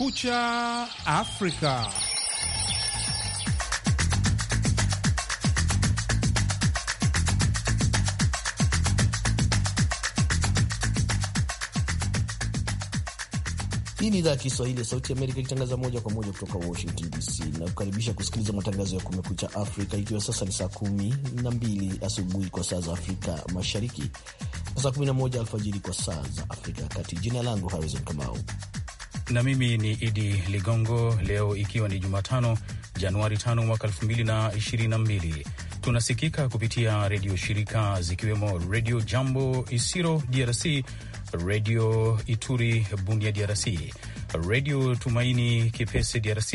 Kumekucha Afrika. Hii ni idhaa ya Kiswahili ya Sauti Amerika ikitangaza moja kwa moja kutoka Washington DC na kukaribisha kusikiliza matangazo ya Kumekucha Afrika, ikiwa sasa ni saa kumi na mbili asubuhi kwa saa za Afrika Mashariki na saa 11 alfajiri kwa saa za Afrika ya Kati. Jina langu Harrison Kamau na mimi ni Idi Ligongo. Leo ikiwa ni Jumatano, Januari 5 mwaka 2022, tunasikika kupitia redio shirika zikiwemo Redio Jambo Isiro DRC, Redio Ituri Bunia DRC, Redio Tumaini Kipese DRC,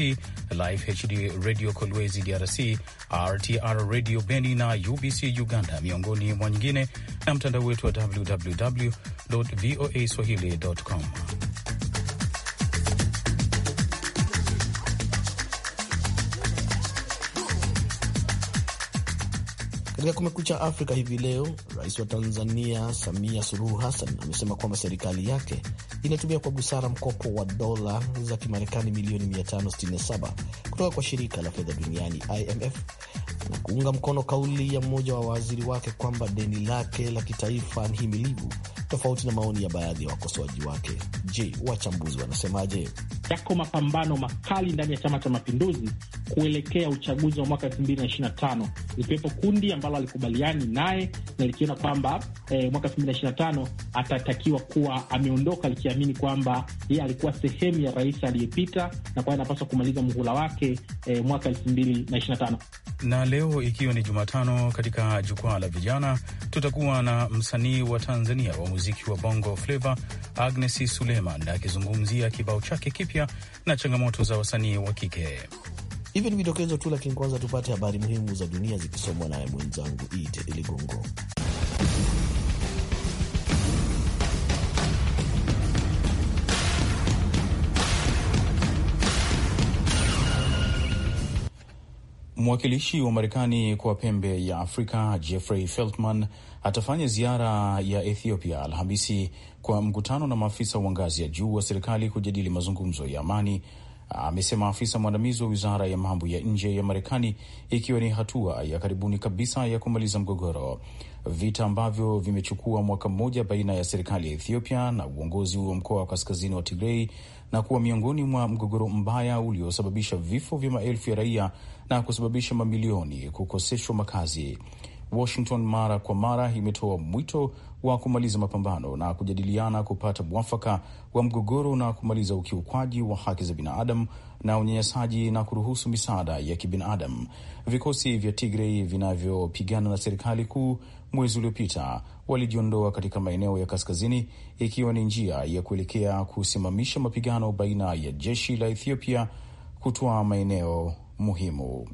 Life HD Radio Kolwezi DRC, RTR Radio Beni na UBC Uganda, miongoni mwa nyingine, na mtandao wetu wa www voa swahili.com. Katika Kumekucha Afrika hivi leo, rais wa Tanzania Samia Suluhu Hassan amesema kwamba serikali yake inatumia kwa busara mkopo wa dola za Kimarekani milioni 567 kutoka kwa shirika la fedha duniani IMF na kuunga mkono kauli ya mmoja wa waziri wake kwamba deni lake la kitaifa ni himilivu tofauti na maoni ya baadhi ya wakosoaji wake. Je, wachambuzi wanasemaje? Yako mapambano makali ndani ya Chama cha Mapinduzi kuelekea uchaguzi wa mwaka elfu mbili na ishirini na tano likiwepo kundi ambalo alikubaliani naye na likiona kwamba eh, mwaka elfu mbili na ishirini na tano atatakiwa kuwa ameondoka likiamini kwamba yeye alikuwa sehemu ya rais aliyepita na kwa anapaswa kumaliza muhula wake eh, mwaka elfu mbili na ishirini na tano na leo ikiwa ni Jumatano, katika jukwaa la vijana tutakuwa na msanii wa Tanzania wa muziki wa bongo fleva Agnes Suleiman akizungumzia kibao chake kipya na changamoto za wasanii wa kike. Hivyo ni vidokezo tu, lakini kwanza tupate habari muhimu za dunia zikisomwa naye mwenzangu Id Ligongo. Mwakilishi wa Marekani kwa pembe ya Afrika Jeffrey Feltman atafanya ziara ya Ethiopia Alhamisi kwa mkutano na maafisa wa ngazi ya juu wa serikali kujadili mazungumzo ya amani, amesema afisa mwandamizi wa wizara ya mambo ya nje ya Marekani, ikiwa ni hatua ya karibuni kabisa ya kumaliza mgogoro, vita ambavyo vimechukua mwaka mmoja baina ya serikali ya Ethiopia na uongozi wa mkoa wa kaskazini wa Tigrei na kuwa miongoni mwa mgogoro mbaya uliosababisha vifo vya maelfu ya raia na kusababisha mamilioni kukoseshwa makazi. Washington mara kwa mara imetoa mwito wa kumaliza mapambano na kujadiliana kupata mwafaka wa mgogoro na kumaliza ukiukwaji wa haki za binadamu na unyanyasaji na kuruhusu misaada ya kibinadamu. Vikosi vya Tigrei vinavyopigana na serikali kuu mwezi uliopita walijiondoa katika maeneo ya kaskazini, ikiwa ni njia ya kuelekea kusimamisha mapigano baina ya jeshi la Ethiopia kutoa maeneo muhimu.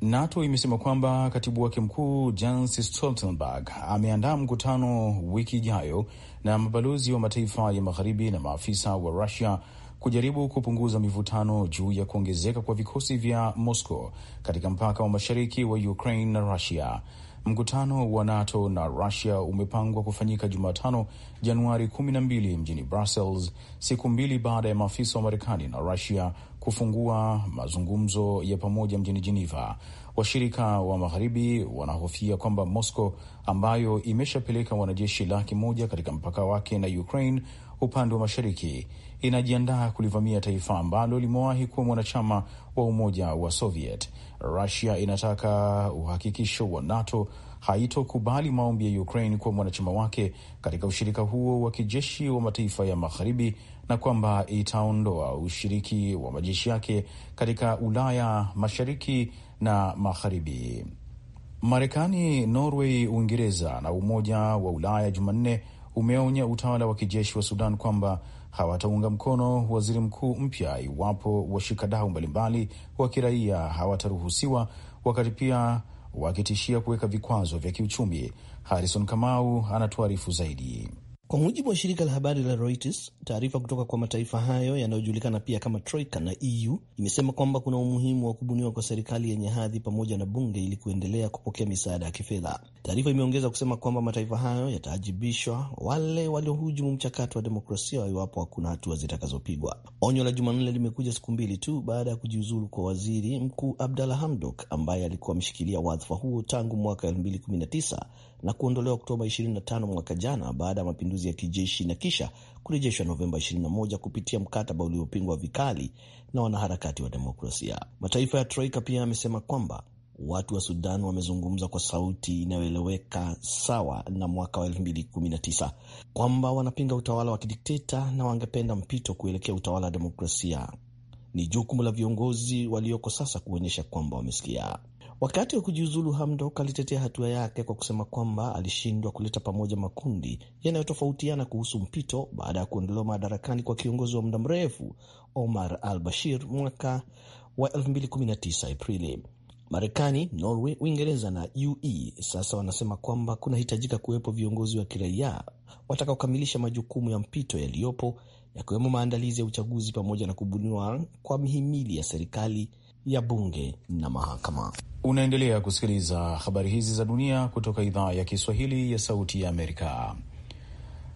NATO imesema kwamba katibu wake mkuu Jens Stoltenberg ameandaa mkutano wiki ijayo na mabalozi wa mataifa ya magharibi na maafisa wa Rusia kujaribu kupunguza mivutano juu ya kuongezeka kwa vikosi vya Moscow katika mpaka wa mashariki wa Ukraine na Rusia. Mkutano wa NATO na Rusia umepangwa kufanyika Jumatano, Januari 12 mjini Brussels, siku mbili baada ya maafisa wa Marekani na Rusia kufungua mazungumzo ya pamoja mjini Geneva. Washirika wa magharibi wanahofia kwamba Moscow ambayo imeshapeleka wanajeshi laki moja katika mpaka wake na Ukraine upande wa mashariki inajiandaa kulivamia taifa ambalo limewahi kuwa mwanachama wa Umoja wa Soviet. Rusia inataka uhakikisho wa NATO haitokubali maombi ya Ukraine kuwa mwanachama wake katika ushirika huo wa kijeshi wa mataifa ya Magharibi na kwamba itaondoa ushiriki wa majeshi yake katika Ulaya Mashariki na Magharibi. Marekani, Norway, Uingereza na Umoja wa Ulaya Jumanne umeonya utawala wa kijeshi wa Sudan kwamba hawataunga mkono waziri mkuu mpya iwapo washikadau mbalimbali wa kiraia hawataruhusiwa, wakati pia wakitishia kuweka vikwazo vya kiuchumi. Harrison Kamau anatuarifu zaidi. Kwa mujibu wa shirika la habari la Reuters, taarifa kutoka kwa mataifa hayo yanayojulikana pia kama Troika na EU imesema kwamba kuna umuhimu wa kubuniwa kwa serikali yenye hadhi pamoja na bunge ili kuendelea kupokea misaada ya kifedha. Taarifa imeongeza kusema kwamba mataifa hayo yataajibishwa wale waliohujumu mchakato wa demokrasia iwapo hakuna hatua zitakazopigwa. Onyo la Jumanne limekuja siku mbili tu baada ya kujiuzulu kwa waziri mkuu Abdalla Hamdok ambaye alikuwa ameshikilia wadhifa huo tangu mwaka 2019 na kuondolewa Oktoba 25 mwaka jana baada ya mapinduzi ya kijeshi na kisha kurejeshwa Novemba 21 kupitia mkataba uliopingwa vikali na wanaharakati wa demokrasia. Mataifa ya Troika pia yamesema kwamba watu wa Sudan wamezungumza kwa sauti inayoeleweka sawa na mwaka wa 2019 kwamba wanapinga utawala wa kidikteta na wangependa mpito kuelekea utawala wa demokrasia. Ni jukumu la viongozi walioko sasa kuonyesha kwamba wamesikia. Wakati wa kujiuzulu, Hamdok alitetea hatua yake kwa kusema kwamba alishindwa kuleta pamoja makundi yanayotofautiana kuhusu mpito baada ya kuondolewa madarakani kwa kiongozi wa muda mrefu Omar al Bashir mwaka wa 2019 Aprili. Marekani, Norway, Uingereza na UE sasa wanasema kwamba kunahitajika kuwepo viongozi wa kiraia watakaokamilisha majukumu ya mpito yaliyopo, yakiwemo maandalizi ya uchaguzi pamoja na kubuniwa kwa mihimili ya serikali ya bunge na mahakama. Unaendelea kusikiliza habari hizi za dunia kutoka idhaa ya Kiswahili ya Sauti ya Amerika.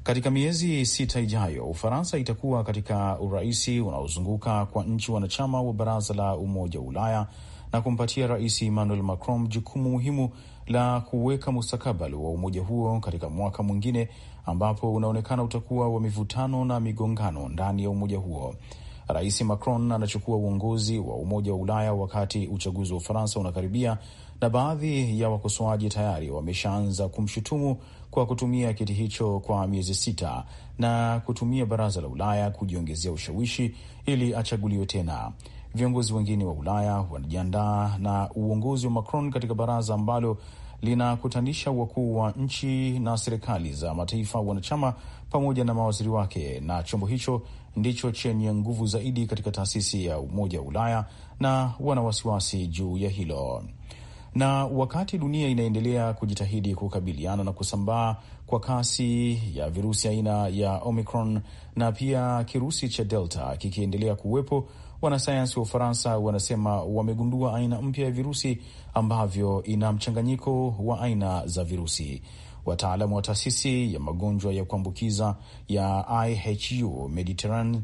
Katika miezi sita ijayo, Ufaransa itakuwa katika uraisi unaozunguka kwa nchi wanachama wa Baraza la Umoja wa Ulaya na kumpatia Rais Emmanuel Macron jukumu muhimu la kuweka mustakabali wa umoja huo katika mwaka mwingine ambapo unaonekana utakuwa wa mivutano na migongano ndani ya umoja huo. Rais Macron anachukua uongozi wa Umoja wa Ulaya wakati uchaguzi wa Ufaransa unakaribia, na baadhi ya wakosoaji tayari wameshaanza kumshutumu kwa kutumia kiti hicho kwa miezi sita na kutumia Baraza la Ulaya kujiongezea ushawishi ili achaguliwe tena. Viongozi wengine wa Ulaya wanajiandaa na uongozi wa Macron katika baraza ambalo linakutanisha wakuu wa nchi na serikali za mataifa wanachama pamoja na mawaziri wake, na chombo hicho ndicho chenye nguvu zaidi katika taasisi ya Umoja wa Ulaya na wana wasiwasi juu ya hilo. Na wakati dunia inaendelea kujitahidi kukabiliana na kusambaa kwa kasi ya virusi aina ya Omicron na pia kirusi cha Delta kikiendelea kuwepo, wanasayansi wa Ufaransa wanasema wamegundua aina mpya ya virusi ambavyo ina mchanganyiko wa aina za virusi. Wataalamu wa taasisi ya magonjwa ya kuambukiza ya IHU Mediterranean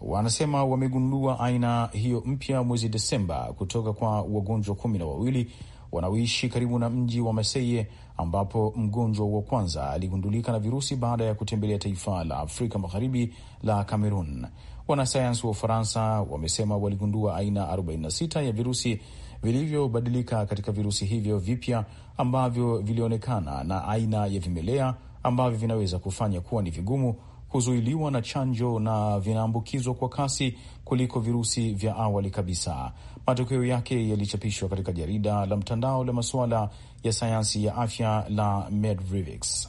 wanasema wamegundua aina hiyo mpya mwezi Desemba kutoka kwa wagonjwa kumi na wawili wanaoishi karibu na mji wa Maseye ambapo mgonjwa wa kwanza aligundulika na virusi baada ya kutembelea taifa la Afrika Magharibi la cameroon Wanasayansi wa Ufaransa wamesema waligundua aina 46 ya virusi vilivyobadilika katika virusi hivyo vipya ambavyo vilionekana na aina ya vimelea ambavyo vinaweza kufanya kuwa ni vigumu kuzuiliwa na chanjo na vinaambukizwa kwa kasi kuliko virusi vya awali kabisa. Matokeo yake yalichapishwa katika jarida la mtandao la masuala ya sayansi ya afya la MedRxiv.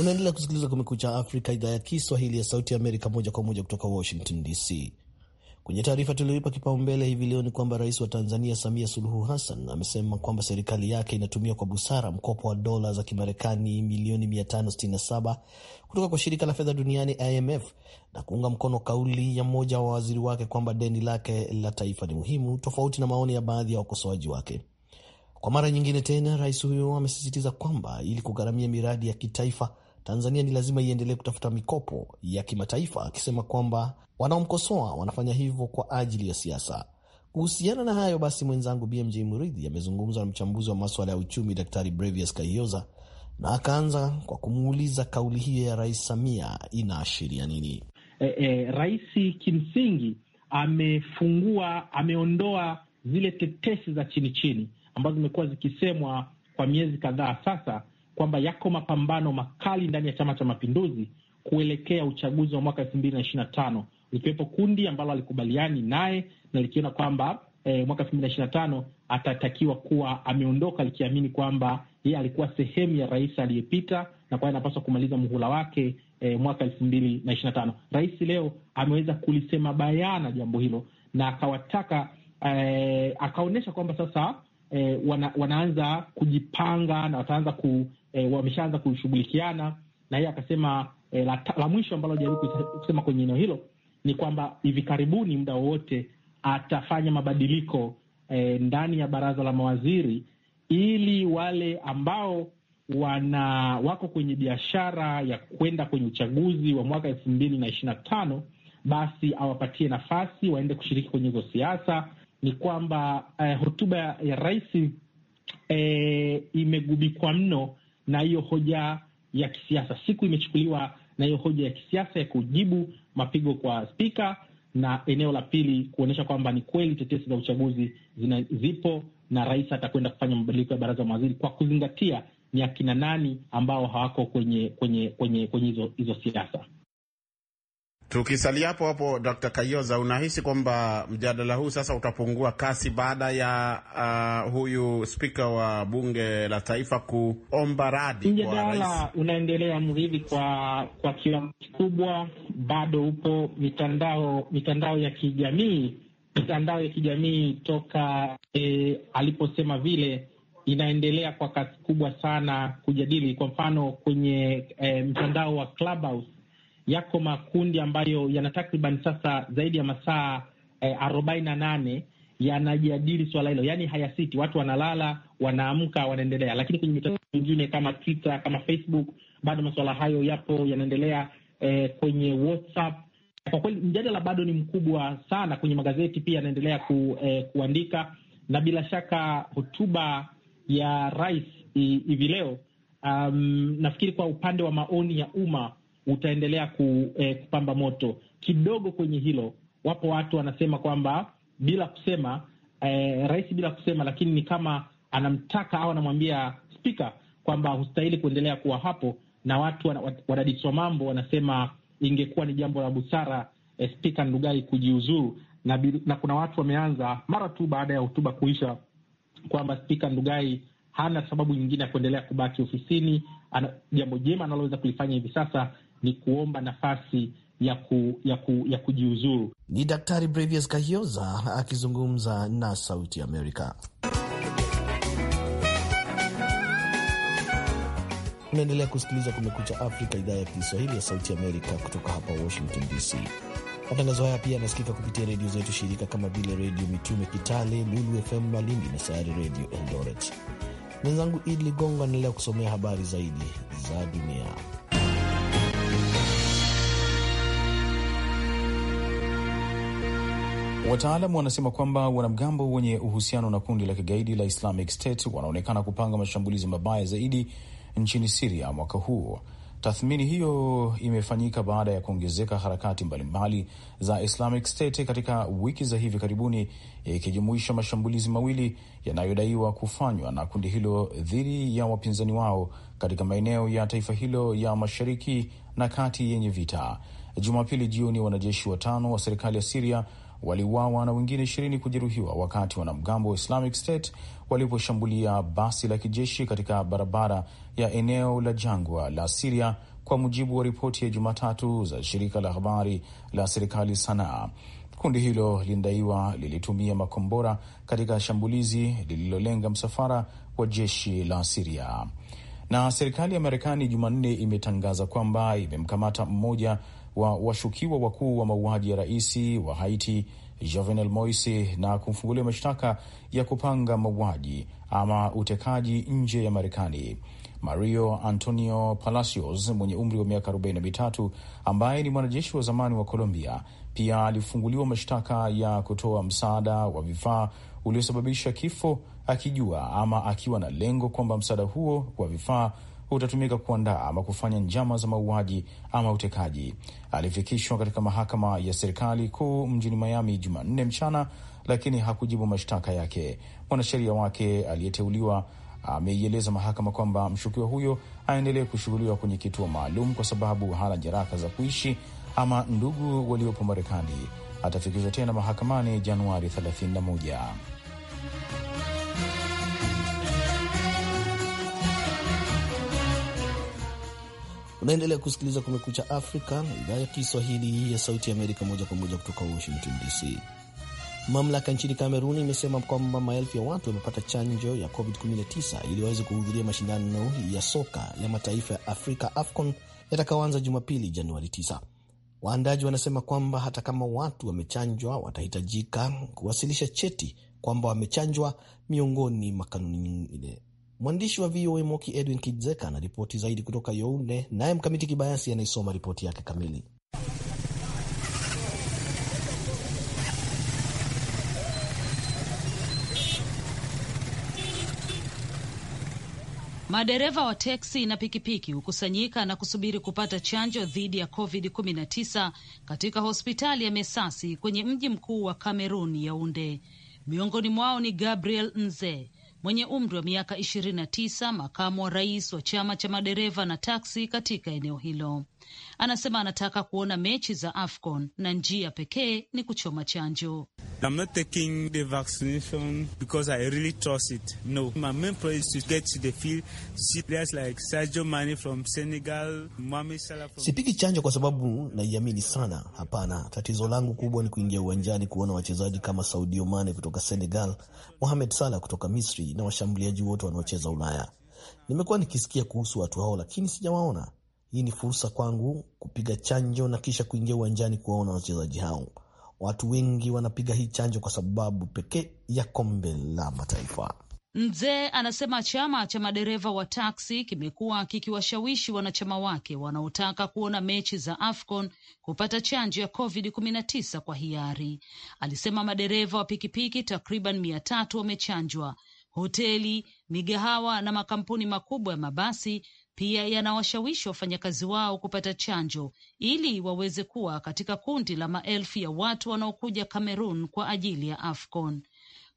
Unaendelea kusikiliza Kumekucha Afrika, idhaa ya Kiswahili ya Sauti ya Amerika, moja kwa moja kutoka Washington DC. Kwenye taarifa tulioipa kipaumbele hivi leo ni kwamba rais wa Tanzania Samia Suluhu Hassan amesema kwamba serikali yake inatumia kwa busara mkopo wa dola za Kimarekani milioni 567 kutoka kwa shirika la fedha duniani IMF na kuunga mkono kauli ya mmoja wa waziri wake kwamba deni lake la taifa ni muhimu, tofauti na maoni ya baadhi ya wakosoaji wake. Kwa mara nyingine tena, rais huyo amesisitiza kwamba ili kugharamia miradi ya kitaifa Tanzania ni lazima iendelee kutafuta mikopo ya kimataifa, akisema kwamba wanaomkosoa wanafanya hivyo kwa ajili ya siasa. Kuhusiana na hayo basi, mwenzangu BMJ Muridhi amezungumza na mchambuzi wa maswala ya uchumi Daktari Brevius Kaioza na akaanza kwa kumuuliza kauli hiyo ya Rais Samia inaashiria nini? E, e, rais kimsingi amefungua, ameondoa zile tetesi za chini chini ambazo zimekuwa zikisemwa kwa miezi kadhaa sasa kwamba yako mapambano makali ndani ya Chama cha Mapinduzi kuelekea uchaguzi wa mwaka elfu mbili na ishirini na tano likiwepo kundi ambalo alikubaliani naye na likiona kwamba eh, mwaka elfu mbili na ishirini na tano atatakiwa kuwa ameondoka likiamini kwamba yeye alikuwa sehemu ya rais aliyepita na kwa hiyo anapaswa kumaliza muhula wake eh, mwaka elfu mbili na ishirini na tano. Rais leo ameweza kulisema bayana jambo hilo na akawataka eh, akaonyesha kwamba sasa eh, wana, wanaanza kujipanga na wataanza ku, e, wameshaanza kushughulikiana na yeye akasema e, la, la mwisho ambalo hajaribu kusema kwenye eneo hilo ni kwamba hivi karibuni muda wowote atafanya mabadiliko e, ndani ya baraza la mawaziri ili wale ambao wana wako kwenye biashara ya kwenda kwenye uchaguzi wa mwaka elfu mbili na ishirini na tano basi awapatie nafasi waende kushiriki kwenye hizo siasa. Ni kwamba eh, hotuba ya rais eh, imegubikwa mno na hiyo hoja ya kisiasa. Siku imechukuliwa na hiyo hoja ya kisiasa ya kujibu mapigo kwa spika, na eneo la pili kuonyesha kwamba ni kweli tetesi za uchaguzi zina, zipo na rais atakwenda kufanya mabadiliko ya baraza la mawaziri kwa kuzingatia ni akina nani ambao hawako kwenye kwenye kwenye kwenye hizo siasa. Tukisalia hapo hapo, Dr. Kayoza, unahisi kwamba mjadala huu sasa utapungua kasi baada ya uh, huyu spika wa bunge la taifa kuomba radi? Mjadala unaendelea mridhi kwa kwa kiwango kikubwa, bado upo. Mitandao mitandao ya kijamii mitandao ya kijamii toka e, aliposema vile inaendelea kwa kasi kubwa sana kujadili. Kwa mfano kwenye e, mtandao wa Clubhouse yako makundi ambayo yana takriban sasa zaidi ya masaa eh, arobaini na nane yanajadili swala hilo, yaani hayasiti. Watu wanalala, wanaamka, wanaendelea. Lakini kwenye mitandao mingine kama Twitter, kama Facebook, bado masuala hayo yapo yanaendelea. Eh, kwenye WhatsApp kwa kweli mjadala bado ni mkubwa sana. Kwenye magazeti pia yanaendelea ku, eh, kuandika na bila shaka hotuba ya rais hivi leo um, nafikiri kwa upande wa maoni ya umma utaendelea ku, eh, kupamba moto kidogo. Kwenye hilo wapo watu wanasema kwamba bila kusema eh, rais bila kusema, lakini ni kama anamtaka au anamwambia spika kwamba hustahili kuendelea kuwa hapo, na watu wadadiswa mambo wanasema ingekuwa ni jambo la busara eh, spika Ndugai kujiuzuru na, na kuna watu wameanza mara tu baada ya hotuba kuisha kwamba spika Ndugai hana sababu nyingine ya kuendelea kubaki ofisini. Ana jambo jema analoweza kulifanya hivi sasa ni kuomba nafasi ya, ku, ya, ku, ya kujiuzuru. Ni Daktari Brevius Kahioza akizungumza na Sauti Amerika. Unaendelea kusikiliza Kumekucha Afrika, idhaa ya Kiswahili ya Sauti Amerika kutoka hapa Washington DC. Matangazo haya pia yanasikika kupitia redio zetu shirika kama vile Redio Mitume Kitale, Lulu FM Malindi na Sayari Redio Eldoret. Mwenzangu Idi Ligongo anaendelea kusomea habari zaidi za dunia. Wataalamu wanasema kwamba wanamgambo wenye uhusiano na kundi la kigaidi la Islamic State wanaonekana kupanga mashambulizi mabaya zaidi nchini Siria mwaka huu. Tathmini hiyo imefanyika baada ya kuongezeka harakati mbalimbali za Islamic State katika wiki za hivi karibuni, ikijumuisha mashambulizi mawili yanayodaiwa kufanywa na kundi hilo dhidi ya wapinzani wao katika maeneo ya taifa hilo ya mashariki na kati yenye vita. Jumapili jioni, wanajeshi watano wa serikali ya Siria waliuawa na wengine ishirini kujeruhiwa wakati wanamgambo wa Islamic State waliposhambulia basi la kijeshi katika barabara ya eneo la jangwa la Siria, kwa mujibu wa ripoti ya Jumatatu za shirika la habari la serikali Sanaa. Kundi hilo linadaiwa lilitumia makombora katika shambulizi lililolenga msafara wa jeshi la Siria. Na serikali ya Marekani Jumanne imetangaza kwamba imemkamata mmoja wa washukiwa wakuu wa mauaji ya rais wa Haiti Jovenel Moise na kumfungulia mashtaka ya kupanga mauaji ama utekaji nje ya Marekani. Mario Antonio Palacios mwenye umri wa miaka 43 ambaye ni mwanajeshi wa zamani wa Colombia pia alifunguliwa mashtaka ya kutoa msaada wa vifaa uliosababisha kifo akijua ama akiwa na lengo kwamba msaada huo wa vifaa utatumika kuandaa ama kufanya njama za mauaji ama utekaji. Alifikishwa katika mahakama ya serikali kuu mjini Miami Jumanne mchana, lakini hakujibu mashtaka yake. Mwanasheria wake aliyeteuliwa ameieleza mahakama kwamba mshukiwa huyo aendelee kushughuliwa kwenye kituo maalum kwa sababu hana jaraka za kuishi ama ndugu waliopo Marekani. Atafikishwa tena mahakamani Januari 31. Unaendelea kusikiliza Kumekucha Afrika, idhaa ya Kiswahili ya Sauti Amerika, moja kwa moja kutoka Washington DC. Mamlaka nchini Kameruni imesema kwamba maelfu ya watu wamepata chanjo ya COVID-19 ili waweze kuhudhuria mashindano ya soka ya mataifa ya Afrika, AFCON, yatakaoanza Jumapili, Januari 9. Waandaji wanasema kwamba hata kama watu wamechanjwa, watahitajika kuwasilisha cheti kwamba wamechanjwa, miongoni mwa kanuni nyingine Mwandishi wa VOA Moki Edwin Kidzeka ripoti zaidi kutoka Younde, naye Mkamiti Kibayasi anaisoma ripoti yake kamili. Madereva wa teksi na pikipiki hukusanyika na kusubiri kupata chanjo dhidi ya COVID-19 katika hospitali ya Mesasi kwenye mji mkuu wa Kamerun, Yaunde. Miongoni mwao ni Gabriel Nze, mwenye umri wa miaka 29, makamu wa rais wa chama cha madereva na taksi katika eneo hilo. Anasema anataka kuona mechi za AFCON na njia pekee ni kuchoma chanjo. Sipiki chanjo kwa sababu naiamini sana. Hapana, tatizo langu kubwa ni kuingia uwanjani kuona wachezaji kama Saudio Mane kutoka Senegal, Mohamed Salah kutoka Misri na washambuliaji wote wanaocheza Ulaya. Nimekuwa nikisikia kuhusu watu hao, lakini sijawaona. Hii ni fursa kwangu kupiga chanjo na kisha kuingia uwanjani kuwaona wachezaji hao. Watu wengi wanapiga hii chanjo kwa sababu pekee ya kombe la mataifa. Mzee anasema chama cha madereva wa taksi kimekuwa kikiwashawishi wanachama wake wanaotaka kuona mechi za AFCON kupata chanjo ya COVID-19 kwa hiari. Alisema madereva wa pikipiki takriban mia tatu wamechanjwa Hoteli, migahawa na makampuni makubwa ya mabasi pia yanawashawishi wafanyakazi wao kupata chanjo ili waweze kuwa katika kundi la maelfu ya watu wanaokuja kamerun kwa ajili ya AFCON.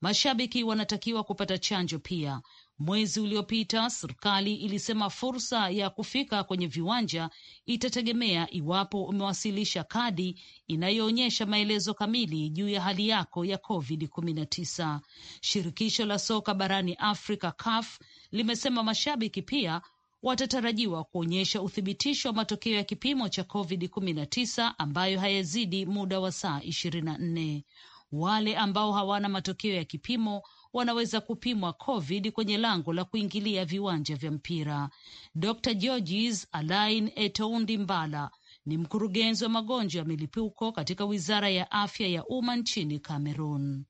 Mashabiki wanatakiwa kupata chanjo pia. Mwezi uliopita serikali ilisema fursa ya kufika kwenye viwanja itategemea iwapo umewasilisha kadi inayoonyesha maelezo kamili juu ya hali yako ya COVID-19. Shirikisho la soka barani Afrika, CAF, limesema mashabiki pia watatarajiwa kuonyesha uthibitisho wa matokeo ya kipimo cha COVID-19 ambayo hayazidi muda wa saa 24. Wale ambao hawana matokeo ya kipimo wanaweza kupimwa COVID kwenye lango la kuingilia viwanja vya mpira. Dr Georges Alain Etoundi Mbala ni mkurugenzi wa magonjwa ya milipuko katika wizara ya afya ya umma nchini Cameroon.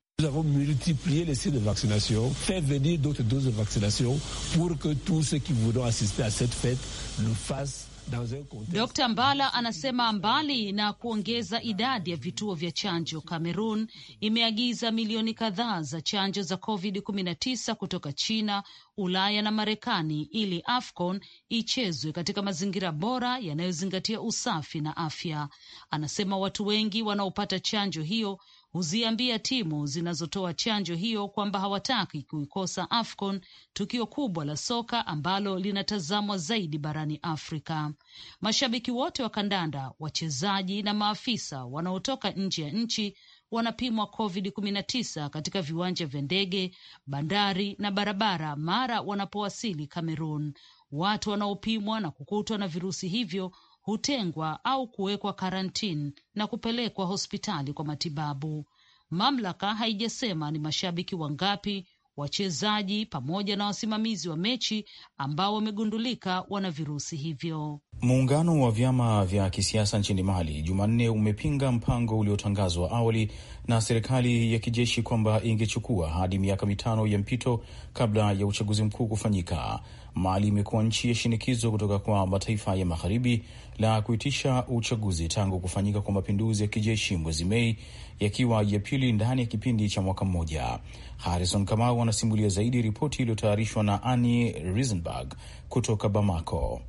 Dr. Mbala anasema mbali na kuongeza idadi ya vituo vya chanjo, Cameroon imeagiza milioni kadhaa za chanjo za COVID-19 kutoka China, Ulaya na Marekani ili AFCON ichezwe katika mazingira bora yanayozingatia usafi na afya. Anasema watu wengi wanaopata chanjo hiyo huziambia timu zinazotoa chanjo hiyo kwamba hawataki kuikosa AFCON, tukio kubwa la soka ambalo linatazamwa zaidi barani Afrika. Mashabiki wote wa kandanda, wachezaji na maafisa wanaotoka nje ya nchi wanapimwa COVID-19 katika viwanja vya ndege, bandari na barabara mara wanapowasili Cameroon. Watu wanaopimwa na kukutwa na virusi hivyo hutengwa au kuwekwa karantini na kupelekwa hospitali kwa matibabu. Mamlaka haijasema ni mashabiki wangapi wachezaji pamoja na wasimamizi wa mechi ambao wamegundulika wana virusi hivyo. Muungano wa vyama vya kisiasa nchini Mali Jumanne umepinga mpango uliotangazwa awali na serikali ya kijeshi kwamba ingechukua hadi miaka mitano ya mpito kabla ya uchaguzi mkuu kufanyika. Mali imekuwa nchi ya shinikizo kutoka kwa mataifa ya magharibi la kuitisha uchaguzi tangu kufanyika kwa mapinduzi ya kijeshi mwezi Mei, yakiwa ya pili ndani ya kipindi cha mwaka mmoja. Harrison Kamau anasimulia zaidi ripoti iliyotayarishwa na Annie Risenberg kutoka Bamako.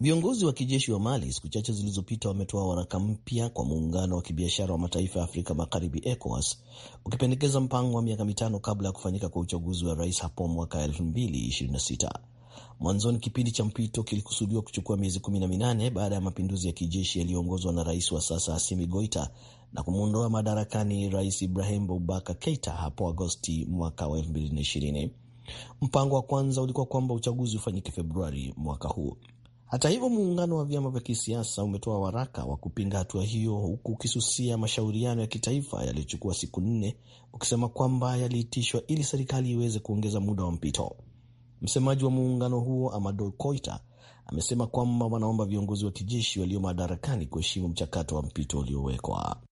Viongozi wa kijeshi wa Mali siku chache zilizopita wametoa waraka mpya kwa muungano wa kibiashara wa mataifa ya Afrika Magharibi, ECOWAS, ukipendekeza mpango wa miaka mitano kabla ya kufanyika kwa uchaguzi wa rais hapo mwaka 226 Mwanzoni kipindi cha mpito kilikusudiwa kuchukua miezi kumi na minane baada ya mapinduzi ya kijeshi yaliyoongozwa na rais wa sasa Asimi Goita na kumwondoa madarakani Rais Ibrahim Boubacar Keita hapo Agosti mwaka wa 2020. Mpango wa kwanza ulikuwa kwamba uchaguzi ufanyike Februari mwaka huu. Hata hivyo, muungano wa vyama vya kisiasa umetoa waraka wa kupinga hatua hiyo, huku ukisusia mashauriano ya kitaifa yaliyochukua siku nne, ukisema kwamba yaliitishwa ili serikali iweze kuongeza muda wa mpito. Msemaji wa muungano huo Amadou Koita amesema kwamba wanaomba viongozi wa kijeshi walio madarakani kuheshimu mchakato wa mpito uliowekwa.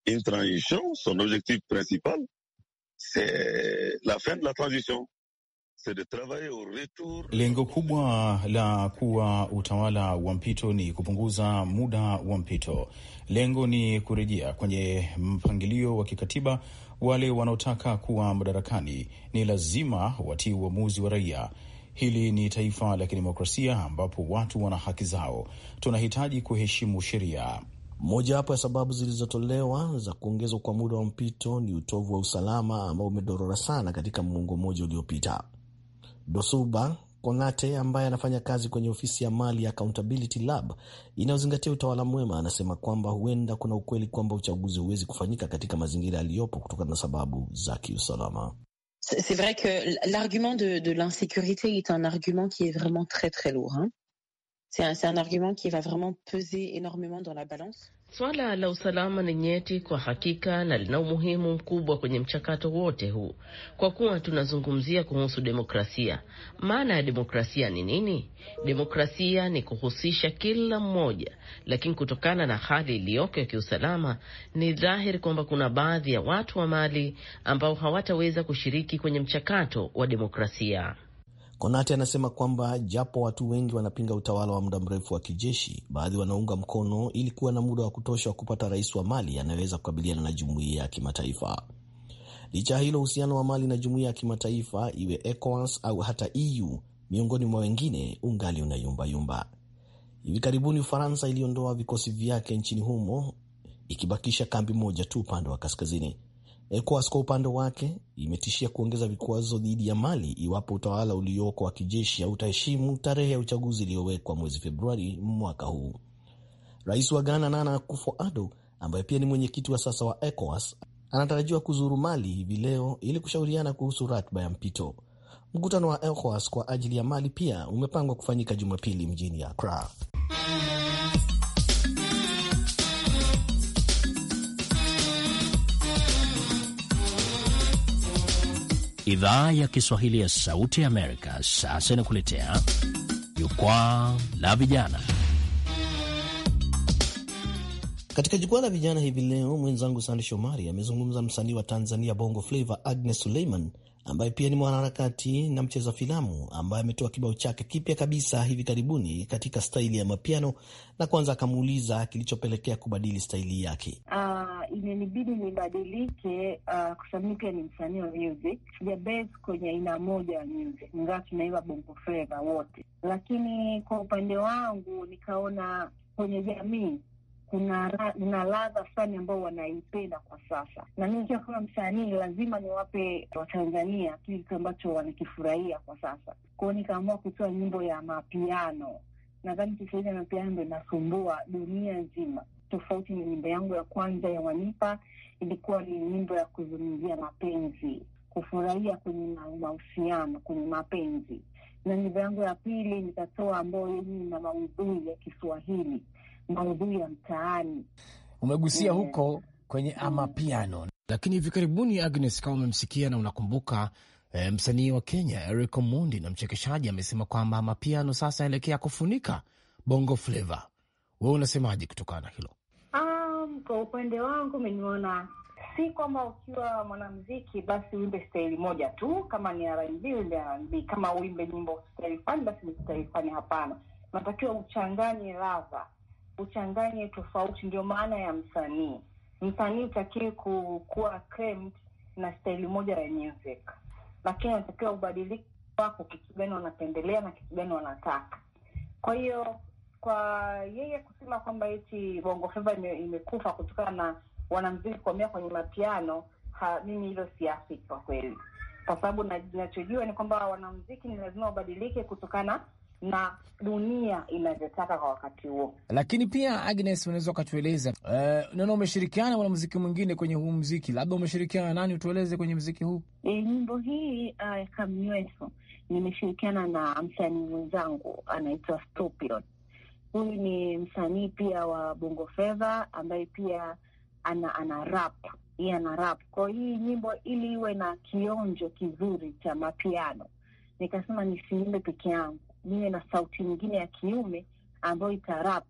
Lengo kubwa la kuwa utawala wa mpito ni kupunguza muda wa mpito. Lengo ni kurejea kwenye mpangilio wa kikatiba. Wale wanaotaka kuwa madarakani ni lazima watii uamuzi wa raia. Hili ni taifa la kidemokrasia ambapo watu wana haki zao, tunahitaji kuheshimu sheria. Mojawapo ya sababu zilizotolewa za kuongezwa kwa muda wa mpito ni utovu wa usalama ambao umedorora sana katika muongo mmoja uliopita. Dosuba konate ambaye anafanya kazi kwenye ofisi ya Mali ya Accountability Lab inayozingatia utawala mwema anasema kwamba huenda kuna ukweli kwamba uchaguzi huwezi kufanyika katika mazingira yaliyopo kutokana na sababu za kiusalama. C'est vrai que l'argument de, l'insécurité est un argument qui est vraiment très très lourd. Hein. c'est un, un argument qui va vraiment peser énormément dans la balance. Swala la usalama ni nyeti kwa hakika na lina umuhimu mkubwa kwenye mchakato wote huu, kwa kuwa tunazungumzia kuhusu demokrasia. Maana ya demokrasia ni nini? Demokrasia ni kuhusisha kila mmoja, lakini kutokana na hali iliyoko ya kiusalama, ni dhahiri kwamba kuna baadhi ya watu wa mali ambao hawataweza kushiriki kwenye mchakato wa demokrasia. Konate anasema kwamba japo watu wengi wanapinga utawala wa muda mrefu wa kijeshi, baadhi wanaunga mkono ili kuwa na muda wa kutosha wa kupata rais wa Mali anayeweza kukabiliana na jumuiya ya kimataifa. Licha ya hilo, uhusiano wa Mali na jumuiya ya kimataifa, iwe ECOWAS au hata EU miongoni mwa wengine, ungali unayumbayumba. Hivi karibuni Ufaransa iliondoa vikosi vyake nchini humo ikibakisha kambi moja tu upande wa kaskazini. ECOWAS kwa upande wake imetishia kuongeza vikwazo dhidi ya Mali iwapo utawala ulioko wa kijeshi hautaheshimu tarehe ya uchaguzi iliyowekwa mwezi Februari mwaka huu. Rais wa Ghana Nana Akufo-Addo, ambaye pia ni mwenyekiti wa sasa wa ECOWAS, anatarajiwa kuzuru Mali hivi leo ili kushauriana kuhusu ratiba ya mpito. Mkutano wa ECOWAS kwa ajili ya Mali pia umepangwa kufanyika Jumapili mjini Accra. Idhaa ya Kiswahili ya Sauti ya Amerika sasa inakuletea jukwaa la vijana. Katika jukwaa la vijana hivi leo, mwenzangu Sande Shomari amezungumza msanii wa Tanzania Bongo Flava Agnes Suleiman ambaye pia ni mwanaharakati na mcheza filamu ambaye ametoa kibao chake kipya kabisa hivi karibuni katika staili ya mapiano, na kwanza akamuuliza kilichopelekea kubadili staili yake. Uh, imenibidi nibadilike uh, kwa sababu pia ni msanii wa music, kwenye aina moja ya music, ingawa tunaiva bongo fleva wote, lakini kwa upande wangu nikaona kwenye jamii kuna na ladha fulani ambao wanaipenda kwa sasa, na mi nikiwa kama msanii lazima niwape Watanzania kitu ambacho wanakifurahia kwa sasa. Kwao nikaamua kutoa nyimbo ya mapiano. Nadhani sasa hivi mapiano ndo inasumbua dunia nzima, tofauti na nyimbo yangu ya kwanza ya Wanipa ilikuwa ni nyimbo ya kuzungumzia mapenzi, kufurahia kwenye mahusiano, kwenye mapenzi, na nyimbo yangu ya pili nikatoa ambayo yenye na maudhui ya Kiswahili maudhui ya mtaani. Umegusia yeah, huko kwenye mm. amapiano, lakini hivi karibuni, Agnes, kama umemsikia na unakumbuka eh, msanii wa Kenya Eric Omondi na mchekeshaji amesema kwamba amapiano sasa aelekea kufunika bongo fleva. We unasemaje kutokana na hilo? Um, kwa upande wangu meniona si kwamba ukiwa mwanamziki basi uimbe staili moja tu, kama ni R&B uimbe R&B, kama uimbe nyimbo staili fani basi ni staili fani. Hapana, unatakiwa uchanganye ladha uchanganye tofauti, ndio maana ya msanii. Msanii utakiwe kuwa na staili moja ya music, lakini anatakiwa ubadilike wako, kitu gani wanapendelea na kitu gani wanataka. Kwa hiyo kwa yeye kusema kwamba eti bongo feva imekufa kutokana na wanamziki kuamia kwenye mapiano mimi hilo siafiki kwa kweli, kwa sababu nachojua ni kwamba wanamziki ni lazima wabadilike kutokana na dunia inavyotaka kwa wakati huo. Lakini pia Agnes, unaweza ukatueleza uh, eh, naona umeshirikiana mziki mwingine kwenye huu mziki, labda umeshirikiana nani? Utueleze kwenye mziki huu. E, nyimbo hii uh, eh, Kamnyweso nimeshirikiana na msanii mwenzangu anaitwa Huyu ni msanii pia wa Bongo fedha ambaye pia ana ana rap yeye ana rap. Kwa hii nyimbo ili iwe na kionjo kizuri cha mapiano, nikasema nisiimbe peke yangu niwe na sauti nyingine ya kiume ambayo itarap.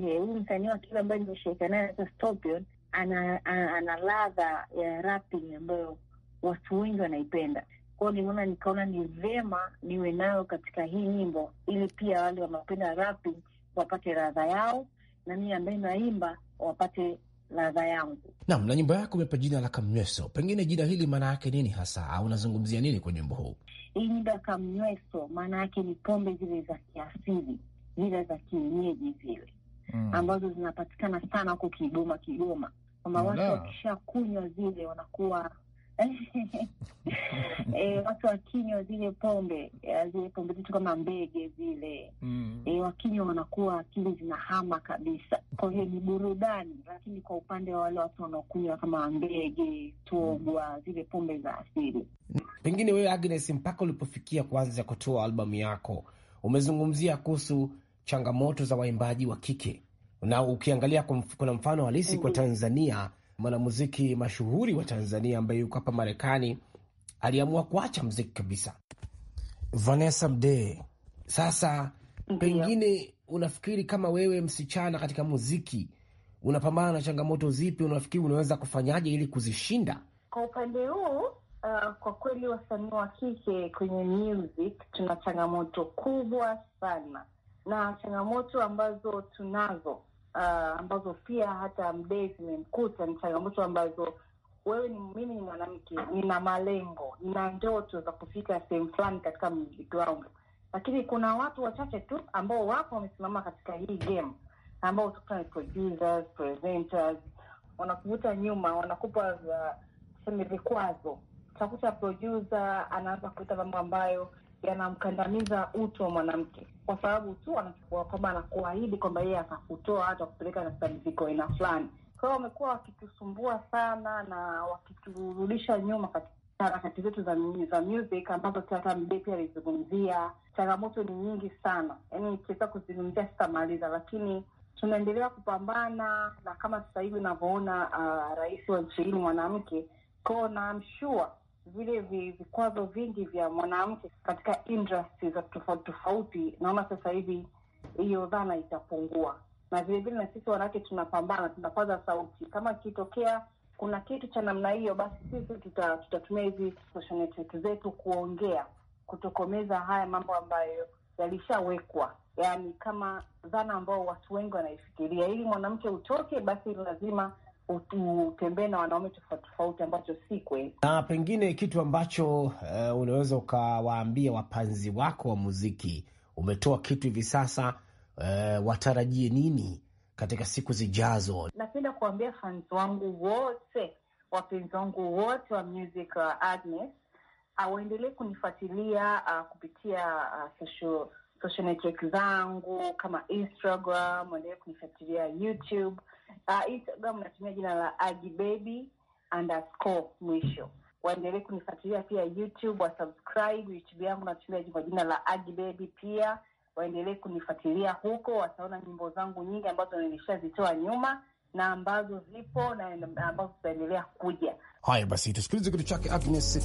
Huyu msanii wa kiume ambaye nimeshirika naye Stopion ana, ana, ana ladha ya rapping ambayo watu wengi wanaipenda kwao. Nimeona nikaona ni vema niwe nayo katika hii nyimbo, ili pia wale wanaopenda rapping wapate ladha yao, na mimi ambaye naimba wapate ladha yangu. Naam. Na nyimbo yako imepa jina la Kamnyweso, pengine jina hili maana yake nini hasa, au unazungumzia nini kwa nyimbo huu? Hii nyimbo ya Kamnyweso maana yake ni pombe zile za kiasili zile za kienyeji zile mm, ambazo zinapatikana sana huko Kigoma. Kigoma kwamba watu wakishakunywa zile wanakuwa E, watu wakinywa zile pombe eh, zile pombe zetu kama mbege zile mm. E, eh, wakinywa wanakuwa akili zinahama kabisa. Kwa hiyo ni burudani, lakini kwa upande wa wale watu wanaokunywa kama mbege, togwa, zile pombe za asili. Pengine wewe Agnes, mpaka ulipofikia kuanza kutoa albamu yako, umezungumzia kuhusu changamoto za waimbaji wa kike, na ukiangalia kuna mfano halisi kwa mm-hmm. Tanzania mwanamuziki mashuhuri wa Tanzania ambaye yuko hapa Marekani aliamua kuacha mziki kabisa. Vanessa Mdee, sasa Ndiyo. pengine unafikiri kama wewe msichana katika muziki unapambana na changamoto zipi? Unafikiri unaweza kufanyaje ili kuzishinda? Kwa upande huu uh, kwa kweli wasanii wa kike kwenye music tuna changamoto kubwa sana, na changamoto ambazo tunazo uh, ambazo pia hata mdee zimemkuta ni changamoto ambazo wewe ni mimi ni mwanamke, nina malengo, nina ndoto za kufika sehemu fulani katika muziki wangu, lakini kuna watu wachache tu ambao wapo wamesimama katika hii game, ambao utakuta ni producers, presenters, wanakuvuta nyuma, wanakupa uh, tuseme vikwazo. Utakuta producer anaanza kuleta mambo ambayo yanamkandamiza utu wa mwanamke, kwa sababu tu anachukua kwamba anakuahidi kwamba yeye atakutoa hata kupeleka katika miziko aina fulani. Kwa hiyo wamekuwa wakitusumbua sana na wakiturudisha nyuma katika harakati zetu za, za music ambazo hata Mbepi pia alizungumzia. Changamoto ni nyingi sana, yaani ikiweza kuzungumzia sitamaliza, lakini tunaendelea kupambana na kama sasa hivi unavyoona, uh, rais wa nchi hii ni mwanamke, kwao namshua vile vikwazo vingi vya mwanamke katika industry za tofauti tofauti, naona sasa hivi hiyo dhana itapungua, na vilevile na sisi wanawake tunapambana, tunapaza sauti. Kama ikitokea kuna kitu cha namna hiyo, basi sisi tuta, tutatumia hizi social network zetu kuongea, kutokomeza haya mambo ambayo yalishawekwa, yaani kama dhana ambao watu wengi wanaifikiria, ili mwanamke utoke, basi lazima utembee na wanaume tofauti tofauti, ambacho si kweli. Na pengine kitu ambacho uh, unaweza ukawaambia wapanzi wako wa muziki, umetoa kitu hivi sasa, uh, watarajie nini katika siku zijazo? Napenda kuwaambia fans wangu wote, wapenzi wangu wote wa music uh, Agnes waendelee kunifuatilia uh, kupitia uh, social, social network zangu kama Instagram, waendelee kunifuatilia YouTube Uh, Instagram natumia jina la agibaby underscore mwisho. Waendelee kunifuatilia pia YouTube, subscribe YouTube yangu natumia kwa jina la agibaby pia. Waendelee kunifuatilia huko, wataona nyimbo zangu nyingi ambazo nilishazitoa nyuma na ambazo zipo na ambazo zitaendelea kuja. Haya basi, tusikilize kitu chake Agnes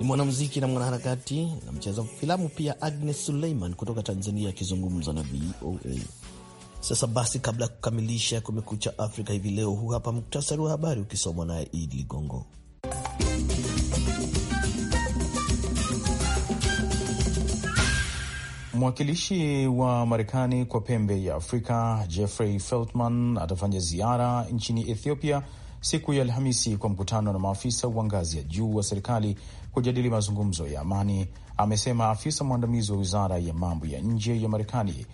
ni mwanamuziki na mwanaharakati na mcheza filamu pia, Agnes Suleiman kutoka Tanzania akizungumza na VOA. Sasa basi, kabla ya kukamilisha Kumekucha Afrika hivi leo, huu hapa muktasari wa habari ukisomwa naye Idi Ligongo. Mwakilishi wa Marekani kwa pembe ya Afrika Jeffrey Feltman atafanya ziara nchini Ethiopia siku ya Alhamisi kwa mkutano na maafisa wa ngazi ya juu wa serikali kujadili mazungumzo ya amani, amesema afisa mwandamizi wa wizara ya mambo ya nje ya Marekani,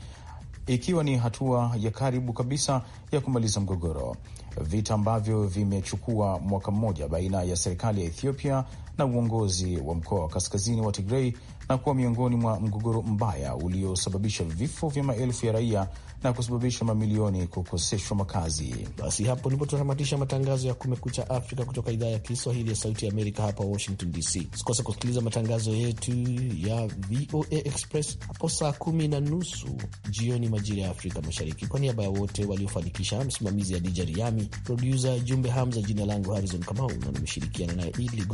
ikiwa ni hatua ya karibu kabisa ya kumaliza mgogoro, vita ambavyo vimechukua mwaka mmoja baina ya serikali ya Ethiopia na uongozi wa mkoa wa kaskazini wa Tigrei na kuwa miongoni mwa mgogoro mbaya uliosababisha vifo vya maelfu ya raia na kusababisha mamilioni kukoseshwa makazi. Basi hapo ndipo tunatamatisha matangazo ya Kumekucha Afrika kutoka idhaa ya Kiswahili ya Sauti ya Amerika hapa Washington DC. sikose kusikiliza matangazo yetu ya VOA Express hapo saa kumi na nusu jioni majira ya Afrika Mashariki. Kwa niaba ya wote waliofanikisha, msimamizi Dija Riami, produsa Jumbe Hamza, jina langu Harizon Kamau na nimeshirikiana naye